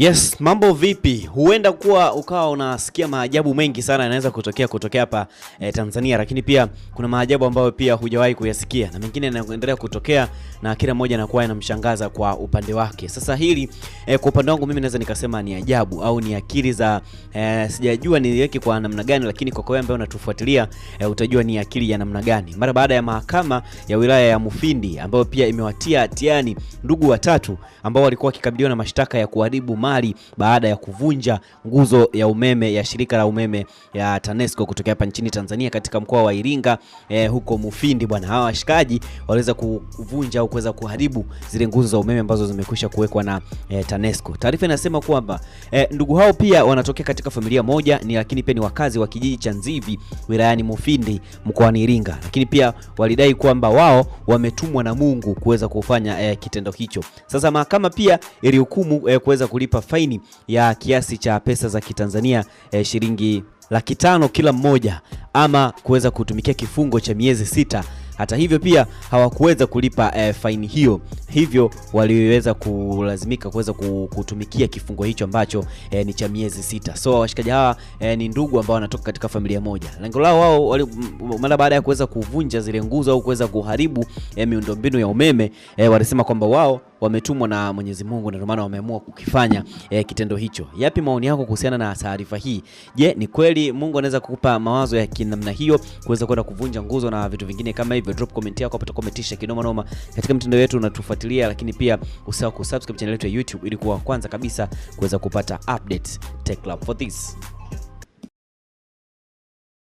Yes, mambo vipi? Huenda kuwa ukawa unasikia maajabu mengi sana yanaweza kutokea kutokea hapa e, Tanzania, lakini pia kuna maajabu ambayo pia hujawahi kuyasikia na mengine yanaendelea kutokea na kila mmoja anakuwa anamshangaza kwa upande wake. Sasa hili e, kwa upande wangu mimi naweza nikasema ni ajabu au ni akili za e, sijajua niweke kwa namna gani, lakini kwa wewe ambaye unatufuatilia e, utajua ni akili ya namna gani. Mara baada ya mahakama ya wilaya ya Mufindi ambayo pia imewatia hatiani ndugu watatu ambao walikuwa wakikabiliwa na mashtaka ya kuharibu Mali baada ya kuvunja nguzo ya umeme ya shirika la umeme ya TANESCO kutokea hapa nchini Tanzania katika mkoa wa Iringa eh, huko Mufindi bwana. Hawa washikaji waliweza kuvunja au kuweza kuharibu zile nguzo za umeme ambazo zimekwisha kuwekwa na eh, TANESCO. Taarifa inasema kwamba eh, ndugu hao pia wanatokea katika familia moja ni lakini pia ni wakazi wa kijiji cha Nzivi wilayani Mufindi mkoani Iringa, lakini pia walidai kwamba wao wametumwa na Mungu kuweza kufanya eh, kitendo hicho. Sasa mahakama pia ilihukumu eh, kuweza kulipa kulipa faini ya kiasi cha pesa za Kitanzania eh, shilingi laki tano kila mmoja ama kuweza kutumikia kifungo cha miezi sita. Hata hivyo pia hawakuweza kulipa eh, faini hiyo, hivyo waliweza kulazimika kuweza kutumikia kifungo hicho ambacho eh, ni cha miezi sita. So washikaji hawa eh, ni ndugu ambao wanatoka katika familia moja. Lengo lao wao, mara baada ya kuweza kuvunja zile nguzo au kuweza kuharibu eh, miundombinu ya umeme eh, walisema kwamba wao wametumwa na Mwenyezi Mungu na ndio maana wameamua kukifanya eh, kitendo hicho. Yapi maoni yako kuhusiana na taarifa hii? Je, ni kweli Mungu anaweza kukupa mawazo ya kinamna hiyo kuweza kwenda kuvunja nguzo na vitu vingine kama hivyo? Drop comment yako hapo, tukometisha kinoma noma katika mtandao wetu, unatufuatilia lakini pia usahau kusubscribe channel yetu ya YouTube ili kuwa kwanza kabisa kuweza kupata updates. Take love for this.